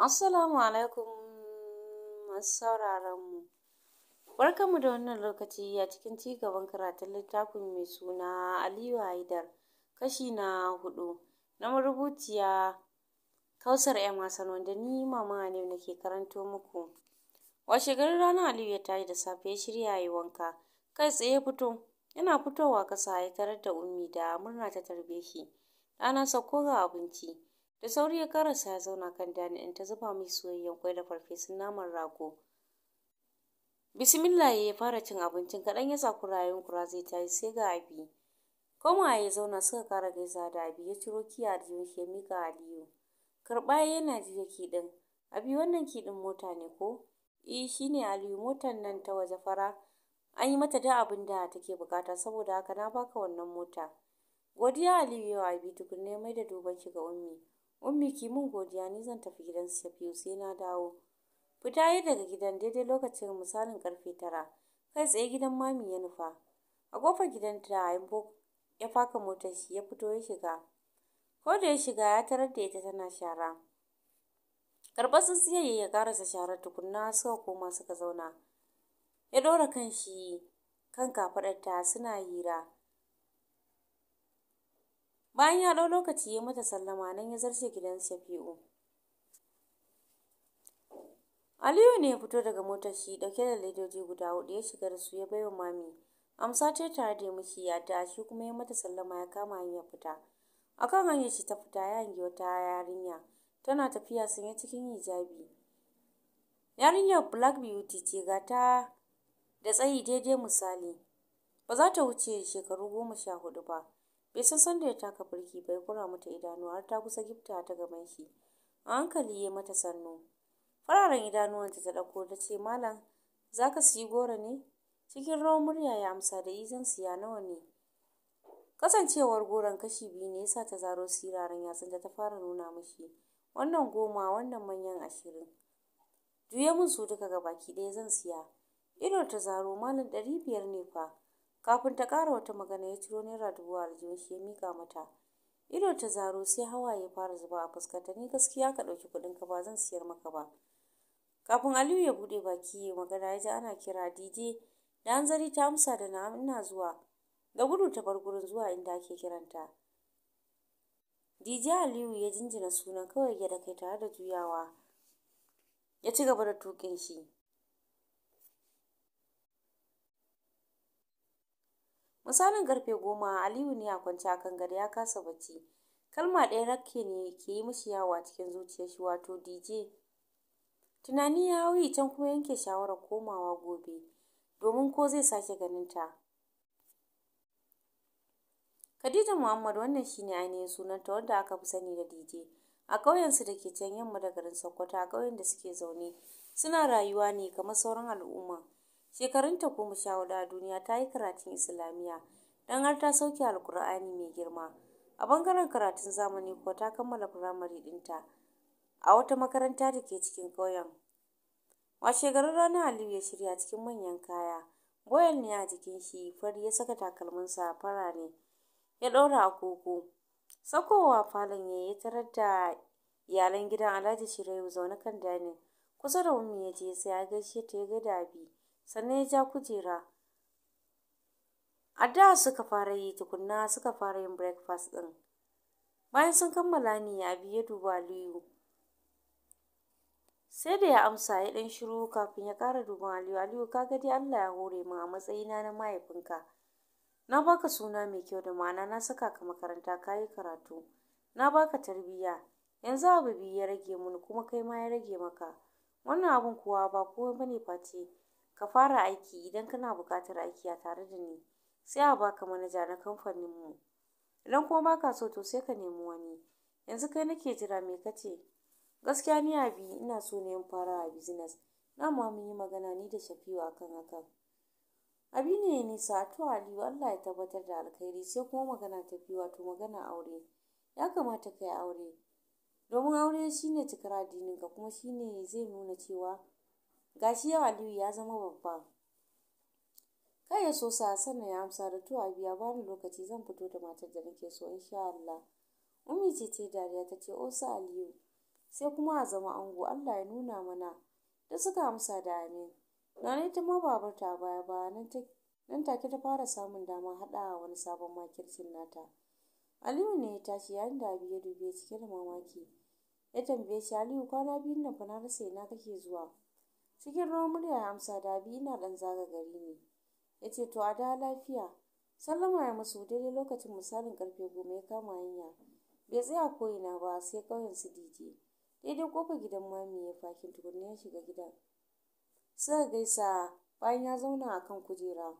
Assalamu alaikum masu sauraron mu. Barkan mu da wannan lokaci a cikin ci gaban karatun littafin mai suna Aliyu Haidar kashi na hudu na marubuciya Kausar ‘yan wasan wanda ni mama ne nake karanto muku. Washe garin ranar Aliyu ya tashi da safe ya shirya yi wanka kai tsaye fito yana fitowa kasa ya tarar da ummi da murna ta tarbe shi. Ɗana sauko ga abinci. da sauri ya karasa ya zauna kan dani ta zuba mai soyayyen kwai da farfesun naman rago bismillah ya fara cin abincin kaɗan ya saku yin kura zai tayi sai ga abi koma ya zauna suka kara gaisa da abi ya ciro kiya da ke mika aliyu karɓa yana jiya kiɗin abi wannan kiɗin mota ne ko eh shine aliyu motan nan ta waje fara an yi mata da abin da take bukata saboda haka na baka wannan mota godiya aliyu yawa abi tukunne mai da duban ki ga ummi Ummi ki mun godiya ni zan tafi gidan Safiyu sai na dawo. Fita yi daga gidan daidai lokacin misalin karfe tara. Kai tsaye gidan mami ya nufa. A kofar gidan ta ya faka motar shi ya fito ya shiga. Ko da ya shiga ya tarar da ita tana shara. sun tsintsiyar ya karasa sharar tukunna suka koma suka zauna. Ya ɗora kan shi kan kafaɗarta suna hira. Bayan ya ɗau lokaci ya mata sallama nan ya zarce gidan Shafi'u. Aliyu ne ya fito daga motar shi ɗauke da ledoji guda hudu ya shiga da su ya bai wa mami. Amsa ce tare da mishi ya ta shi kuma ya mata sallama ya kama hanyar fita. a kan hanyar shi ta fita ya hangi wata yarinya tana tafiya sanye cikin hijabi. Yarinyar Black Beauty ce ga ta da tsayi daidai misali. Ba za ta wuce shekaru goma sha hudu ba. bai san sanda ya taka birki bai kura mata idanu har ta kusa gifta ta gaban shi a hankali ya mata sannu fararen idanuwanta ta ɗauko ta ce malam za ka siyi goro ne cikin rawar murya ya amsa da izan eh, siya nawa ne kasancewar goron kashi biyu ne yasa ta zaro siraran yatsun da ta fara nuna mashi wannan goma wannan manyan ashirin juya min su duka ga baki ɗaya zan siya ido ta zaro malam ɗari biyar ne fa kafin ta ƙara wata magana ya ciro naira dubu aljihun shi ya mika mata ido ta zaro sai hawaye fara zuba a fuskata ni gaskiya ka ɗauki kuɗin ka ba zan siyar maka ba kafin aliyu ya buɗe baki ya magana ya ji ana kira dije da zari ta amsa da na ina zuwa da gudu ta bar gurin zuwa inda ake kiranta dije aliyu ya jinjina sunan kawai ya kai tare da juyawa ya ci gaba da tuƙin shi Misalin karfe goma Aliyu ne a kwance a kan gado ya kasa bacci. Kalma ɗaya rakke ne ke yi mishi yawa a cikin zuciyar shi wato DJ. Tunani ya hauyi can kuma yanke shawarar komawa gobe domin ko zai sake ganin ta. Khadija Muhammad wannan shine ainihin sunanta wanda aka fi sani da DJ. A ƙauyensu da ke can yamma da garin Sokoto a ƙauyen da suke zaune suna rayuwa ne kamar sauran al'umma. ta goma sha hudu a duniya ta yi karatun islamiyya don har ta sauke alkur'ani mai girma a bangaren karatun zamani kuwa ta kammala firamare ɗinta a wata makaranta da ke cikin ƙauyen washe garin ranar aliyu ya shirya cikin manyan kaya boyan ne a jikin shi fari ya saka takalminsa fara ne ya ɗaura agogo sakowa falon ya yi tarar da iyalan gidan alhaji shirayu zaune kan danin kusa da wani ya je sai ya gaishe ta ya ga bi. sannan ya ja kujera a da suka fara yi tukunna suka fara yin breakfast ɗin bayan sun kammala ni ya bi ya duba aliyu sai da ya amsa ya ɗan shiru kafin ya ƙara duban aliyu aliyu ka ga dai allah ya hore min a matsayina na mahaifinka na baka suna mai kyau da ma'ana na saka ka makaranta ka yi karatu na baka tarbiyya yanzu abu biyu ya rage mun kuma kai ma ya rage maka wannan abun kuwa ba kowa bane face ka fara aiki idan kana buƙatar aiki a tare da ni sai a baka manaja na kamfanin mu idan kuma baka so to sai ka nemi wani yanzu kai nake jira me kace gaskiya ni abi ina so ne in fara a business na ma mun yi magana ni da shafiwa akan hakan abi ne nisa to Aliyu Allah ya tabbatar da alkhairi sai kuma magana ta fi wato magana aure ya kamata kai aure domin aure shine cikar ka kuma shine zai nuna cewa gashi yau Aliyu ya zama babba kai ya so sa sannan ya amsa da tuwa biya bani lokaci zan fito da matar da nake so insha Allah Ummi ce ce dariya ta ce osa Aliyu sai kuma a zama ango Allah ya nuna mana da suka amsa da amin ne ta ma babar ta baya ba nan ta nan take ta fara samun damar haɗa wani sabon makircin nata Aliyu ne ya tashi yayin da Abi ya dube cike da mamaki ya tambaye shi Aliyu kwana biyun nan fa na rasa ina kake zuwa Cikin ruwan murya ya amsa da abi ina ɗan zaga gari ne. Ya ce to a da lafiya. Sallama ya musu daidai lokacin misalin karfe goma ya kama hanya. Bai tsaya ko ina ba sai ƙauyen su dije. Daidai kofar gidan mami ya fakin tukunna ya shiga gidan. Suka gaisa bayan ya zauna a kan kujera.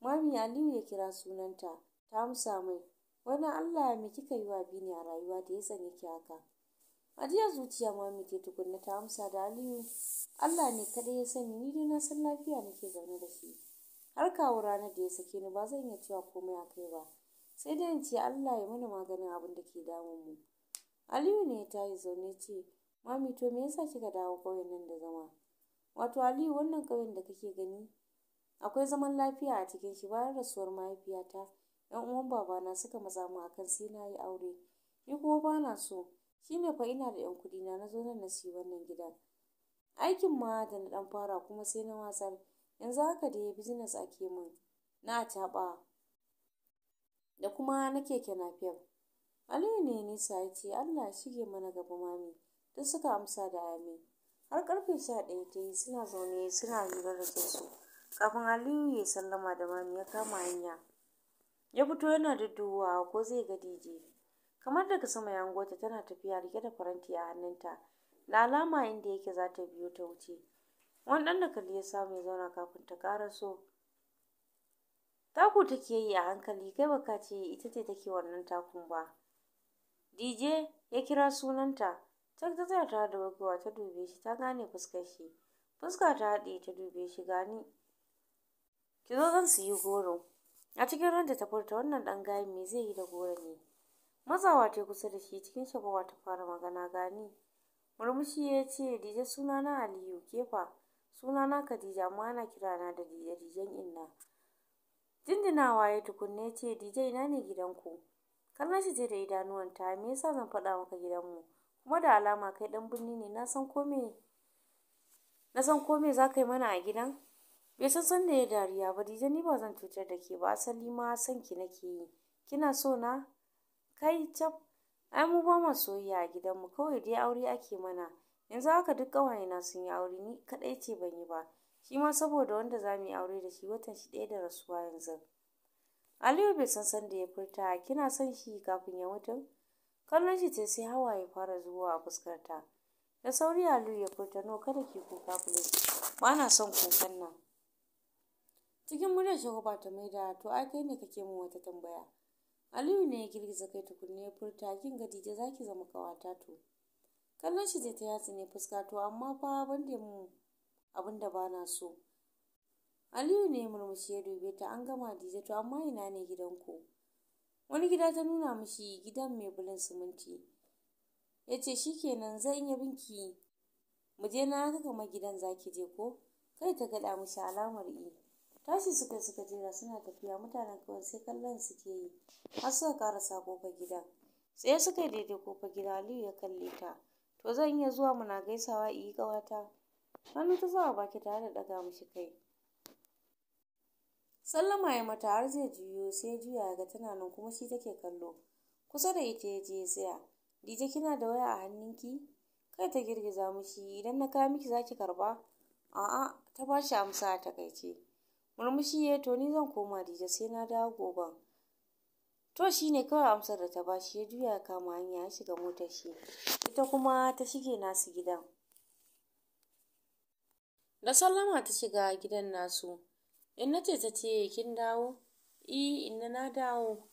Mami Aliyu ya kira sunanta, ta amsa mai, wani Allah me kika yi wa bini a rayuwa da ya tsane ki haka. Ajiya zuciya ma muke tukunna ta amsa da Aliyu. Allah ne kaɗai ya sani ni dai na san lafiya nake zaune da shi. Har kawo ranar da ya sake ni ba zan iya cewa komai a kai ba. Sai dai in ce Allah ya mana maganin abin da ke damun mu. Aliyu ne ya tayi zaune ce Mami to me yasa kika dawo ƙauyen nan da zama? Wato Aliyu wannan ƙauyen da kake gani akwai zaman lafiya a cikin shi bayan rasuwar mahaifiyata. ‘Yan uwan babana suka matsa mu akan sai na yi aure. Ni kuma ba na so. Shi ne fa ina da 'yan kudi na zo nan na siyi wannan gidan. Aikin ma da na ɗan fara kuma sai na watsar. Yanzu haka dai business ake min na acaɓa da kuma na keke fiyar Aliyu ne nisa ya ce Allah shige mana gaba mami. Duk suka amsa da ami Har karfe sha ɗaya ta yi suna zaune suna hirar da su. Kafin Aliyu ya sallama da mami ya kama hanya. Ya fito yana da duhuwa ko zai ga Dije. kamar daga sama ya hango tana tafiya rike da faranti a hannunta da alama inda yake za ta biyo ta wuce wani dan da kalli ya samu ya zauna kafin ta ƙara so taku take yi a hankali kai baka ce ita ce take wannan takun ba DJ ya kira sunanta tak ta tsaya tare da wagowa ta dube shi ta gane fuskar shi fuska ta haɗe ta dube shi gani ki zo zan su yi goro a cikin ranta ta furta wannan ɗan gayen me zai yi da goro ne Mazawa ta kusa da shi cikin shagwawa ta fara magana gani murmushi ya ce dije sunana aliyu kefa sunana khadija amma ana kirana da dije dijen inna jinjinawa ya tukunne ce dije ina ne gidanku kallon shi zai da idanuwanta me yasa zan faɗa maka gidanmu kuma da alama kai dan birni ne na san kome za ka yi mana a gidan bai san san da ya dariya ba dije ni ba zan cutar da ke ba asali ma san ki nake yi kina so na kai cap ai mu ba mu soyayya a gidanmu kawai dai aure ake mana yanzu haka duk na sun yi aure ni kadai ce ban yi ba shi ma saboda wanda za mu yi aure da shi watan shi ɗaya da rasuwa yanzu Aliyu bai san san da ya furta kina son shi kafin ya mutu kallon shi ce sai ya fara zuwa a fuskarta da sauri Aliyu ya furta no kada ki kuka please ba na son kukan nan cikin murya shugaba ta maida to ai kai ne kake min wata tambaya Aliyu ne ya girgiza kai tukunna ya furta kin ga zaki zama kawata to. Kallon shi zai ta yatsa ne fuska to amma fa ban da mu abin da bana so. Aliyu ne murmushi ya dube ta an gama Dije to amma ina ne gidanku? Wani gida ta nuna mishi gidan mai bulin siminti. Ya ce shikenan zan iya binki mu je na ga kamar gidan zaki je ko? Kai ta gaɗa mishi alamar i. tashi suka suka jera suna tafiya mutanen kawai sai kallon suke yi har suka karasa kofar gidan tsaye suka yi daidai kofar gida aliyu ya kalle ta to zan iya zuwa muna gaisawa iyi kawata hannu ta zawa baki tare da ɗaga mishi kai sallama ya mata har zai juyo sai juya ga tana nan kuma shi take kallo kusa da ita ya je tsaya dije kina da waya a hannunki kai ta girgiza mishi idan na kawo miki zaki karba a'a ta bashi amsa a takaice murmushi ya to ni zan koma dija sai na dawo goban to shine kawai amsar da ta bashi ya juya ya kama hanya ya shiga motar shi ita kuma ta shige nasu gidan da sallama ta shiga gidan nasu in na ce ta ce kin dawo i eh, inna na dawo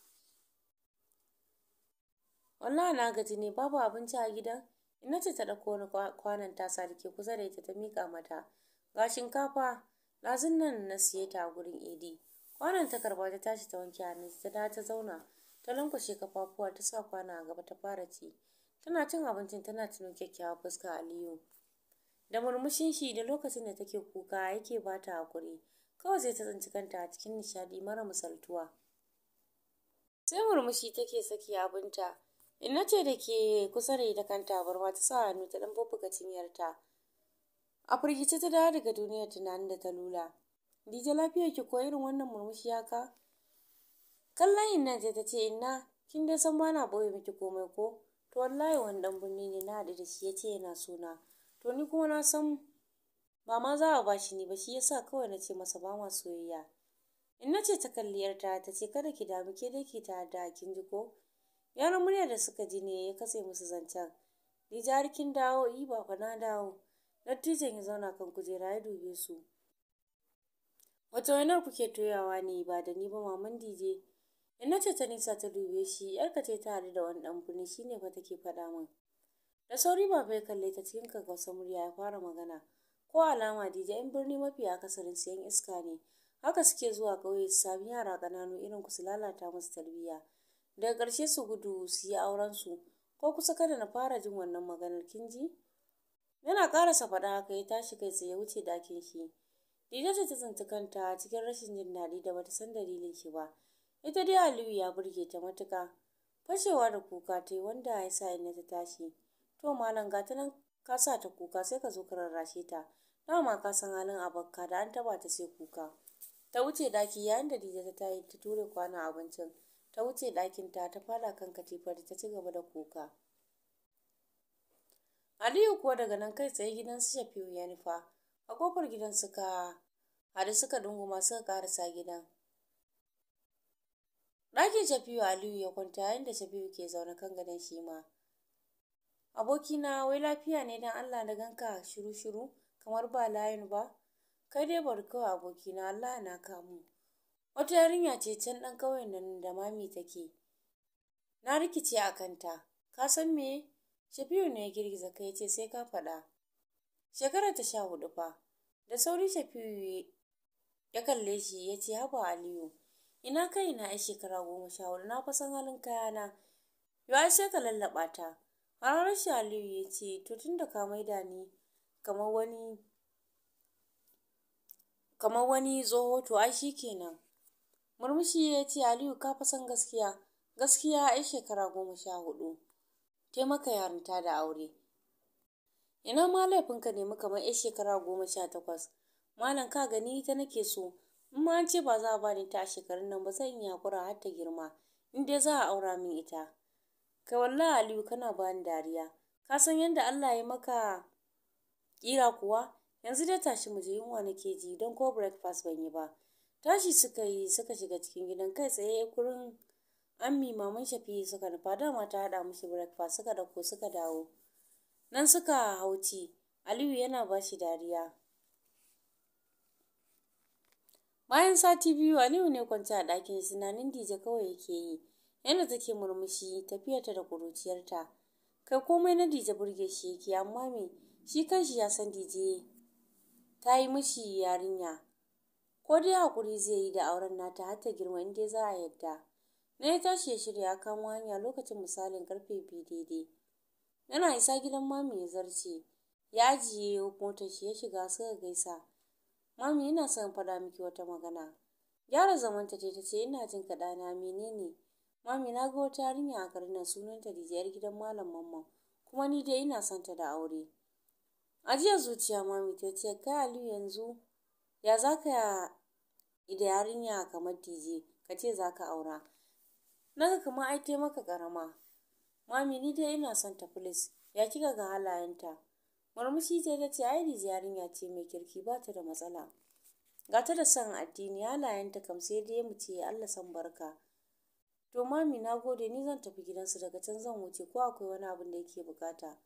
wallahi na gaji ne babu abinci a gidan in na ce ta ɗauko wani kwanon tasa da ke kusa da ita ta miƙa mata ga shinkafa ɗazun nan na siye ta gurin edi kwanan ta karba ta tashi ta wanke hannu ta da ta zauna ta lankwashe kafafuwa ta sa kwana a gaba ta fara ci tana cin abincin tana tuno kyakkyawa, fuska aliyu da murmushin shi da lokacin da take kuka yake ba ta hakuri kawai zai ta tsinci kanta a cikin nishadi mara misaltuwa sai murmushi take saki abinta Ina ce da ke kusa da ita kan tabarwa ta sa hannu ta dan bubbuga cinyarta. A firgice ta dawo daga duniyar tunanin da ta lula. Dija lafiya ki ko irin wannan murmushi haka? Kallon inna ce ta ce inna kin dai san bana boye miki komai ko? To wallahi wani dan birni ne na haɗu da shi ya ce yana suna. To ni kuma na san ba ma za a shi ni ba shi yasa kawai na ce masa ba ma soyayya. Inna ce ta kalli yarta ta ce kada ki damu ke dai ki ta da kin ji ko? Yaran murya da suka ji ne ya katse musu zancen. Dija har kin dawo i ba na dawo. dattijan ya zauna kan kujera ya dube su wata wainar kuke toyawa ne ba da ni ba maman dije ina ce ta nisa ta dube shi yarka ce ta hadu da wani ɗan birni shine fa take faɗa min da sauri baba ya kalle ta cikin kakkausar murya ya fara magana ko alama dije in birni mafi akasarin siyan iska ne haka suke zuwa ƙauye su sami yara ƙananu irin ku su lalata musu tarbiyya daga karshe su gudu su yi auren su ko kusa kada na fara jin wannan maganar kin ji yana karasa faɗa haka ya tashi kai tsaye wuce dakin shi Dija ce ta tsinci kanta cikin rashin jin daɗi da bata san dalilin shi ba ita dai Aliyu ya burge ta matuka fashewa da kuka ta wanda ya sa ta tashi to malam ga ta nan ka sa ta kuka sai ka zo ka rarrashe ta dama ka san halin abakka da an taba ta sai kuka ta wuce daki yayin da Dija ta tayi ta ture kwana abincin ta wuce ɗakin ta ta fara kan katifar ta ci gaba da kuka Aliyu kuwa daga nan kai tsaye gidan su Shafi'u ya nufa. A kofar gidan suka haɗu suka dunguma suka karasa gidan. Ɗakin Shafi'u Aliyu ya kwanta yayin da Shafi'u ke zaune kan gadon shi ma. Abokina wai lafiya ne dan Allah na ganka shiru-shiru kamar ba layin ba. Kai dai bari kawai abokina Allah na kamu. Wata yarinya ce can ɗan ƙauyen nan da mami take. Na rikice a kanta. Ka san me? Shafi'u ne ya girgiza kai ya ce sai ka faɗa. Shekarar ta sha hudu fa. Da sauri Shafi'u ya kalle shi ya ce haba Aliyu. Ina kai na ai shekara goma sha hudu na fasan halin kayana. na. ai sai ka lallaɓa ta. Hararar shi Aliyu ya ce to tun da ka maida ni kamar wani kamar wani tsoho to ai shi kenan. Murmushi ya ce Aliyu ka fasan gaskiya. Gaskiya ai shekara goma sha hudu. taimaka yarinta da aure ina ma laifinka ne muka mai yar shekara goma sha takwas malam ka gani ita nake so in ma an ce ba za a bani ta a shekarun nan ba zan yi hakura har ta girma in dai za a aura min ita Ka walla aliyu kana ba ni dariya ka san yadda allah ya maka kira kuwa yanzu dai tashi mu je yunwa nake ji don ko breakfast ban yi ba tashi suka yi suka shiga cikin gidan kai tsaye kurin ammi maman shafi suka nufa dama ta haɗa musu breakfast suka ɗauko suka dawo nan suka hauci aliyu yana ba shi dariya bayan sati biyu aliyu ne kwance a ɗakin sinanin Dija kawai yake yi yadda take murmushi tafiyarta da ƙuruciyarta kai komai na Dija burge shi yake amma me shi kanshi ya san dije ta yi mishi yarinya ko dai hakuri zai yi da auren nata har ta girma inda za a yarda. Na ya tashi ya shirya ya kamo hanya lokacin misalin karfe biyu daidai. Yana isa gidan mami ya zarce, ya ajiye motar shi ya shiga suka gaisa. Mami yana son faɗa miki wata magana. Gyara zamanta ce ta ce ina jin ka ɗana menene? Mami na ga wata yarinya a garin nan sunanta Dijiyar gidan Malam Mamman kuma ni dai ina son ta da aure. ajiya zuciya mami ta ce kai Aliyu yanzu ya za ka da yarinya kamar Dije ka ce za ka aura. Na ga kamar ai te maka ƙarama. Mami ni dai ina son ta filis, ya kika ga halayenta? Murmushi ce ta ce ai yarinya ce mai kirki ba ta da matsala. Ga ta da son addini halayenta kam sai dai mu ce Allah san barka. To mami na gode ni zan tafi gidansu daga can zan wuce ko akwai wani abin da yake bukata.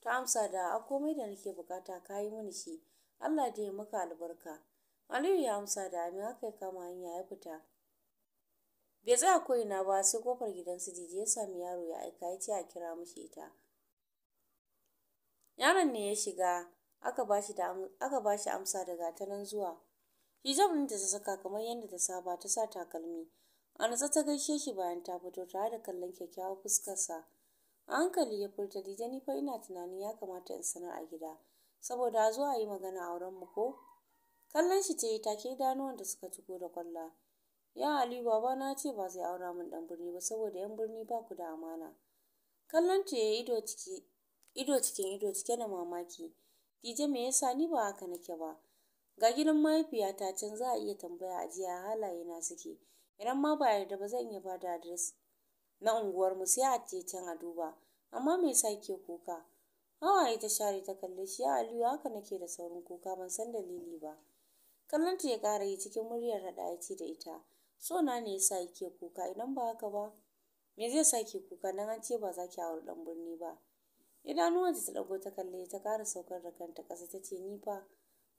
Ta amsa da a komai da nake bukata ka yi mini shi. Allah dai ya maka albarka. Aliyu ya amsa da amin haka ya kama hanya ya fita. bai tsaya ko ina ba sai kofar gidan su dije ya sami yaro ya aika ya ce a kira mishi ita yaron ne ya shiga aka bashi da aka amsa daga ta nan zuwa hijab ɗin ta saka kamar yadda ta saba ta sa takalmi a anasa ta gaishe shi bayan ta fito tare da kallon kyakkyawar fuskarsa a hankali ya furta da fa ina tunanin ya kamata in sanar a gida saboda zuwa yi magana a wurin mu ko kallon shi ta yi take idanuwan da suka tuko da kwalla ya ali baba na ce ba zai aura min dan birni ba saboda yan birni ba ku da amana kallon ta ya ido ciki ido cikin ido cike da mamaki dije me yasa ni ba haka nake ba ga gidan mahaifiyata can za a iya tambaya a jiya halaye na suke idan ma ba yarda ba zan iya bada adres na unguwar mu sai a je can a duba amma me yasa ke kuka hawaye ta share ta kalle shi ya aliyu haka nake da saurin kuka ban san dalili ba kallon ta ya kara yi cikin muryar raɗa ya ce da ita so na ne sa yake kuka idan ba haka ba me zai sa ki kuka dan an ce ba za ki auri dan birni ba idanuwanta ta dago ta kalle ta ƙara saukar da kanta ƙasa ta ce ni fa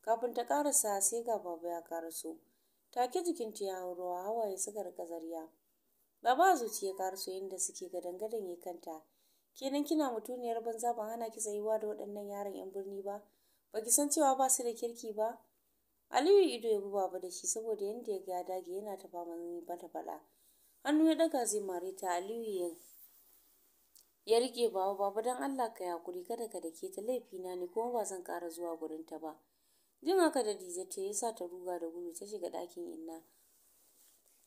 kafin ta sa, sai ga baba ya ƙaraso take jikinta ya hau ruwa hawaye suka rika zariya baba zuci ya ƙaraso inda suke gadan gadan ya kanta kenan kina mutuniyar banza ban hana ki tsayuwa da waɗannan yaran yan birni ba Ba ki san cewa ba su da kirki ba Aliyu ido ya bi baba da shi saboda yadda ya ga ya dage yana ta faman bata faɗa. Hannu ya ɗaga zai mare ta Aliyu ya ya rike baba baba dan Allah ka hakuri kada ka dake ta laifi na ne kuma ba zan ƙara zuwa gurin ta ba. Jin haka da Dije ta sa ta ruga da gudu ta shiga ɗakin Inna.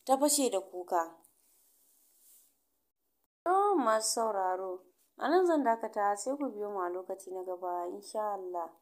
Ta fashe da kuka. To masu sauraro, a nan zan dakata sai ku biyo mu a lokaci na gaba insha Allah.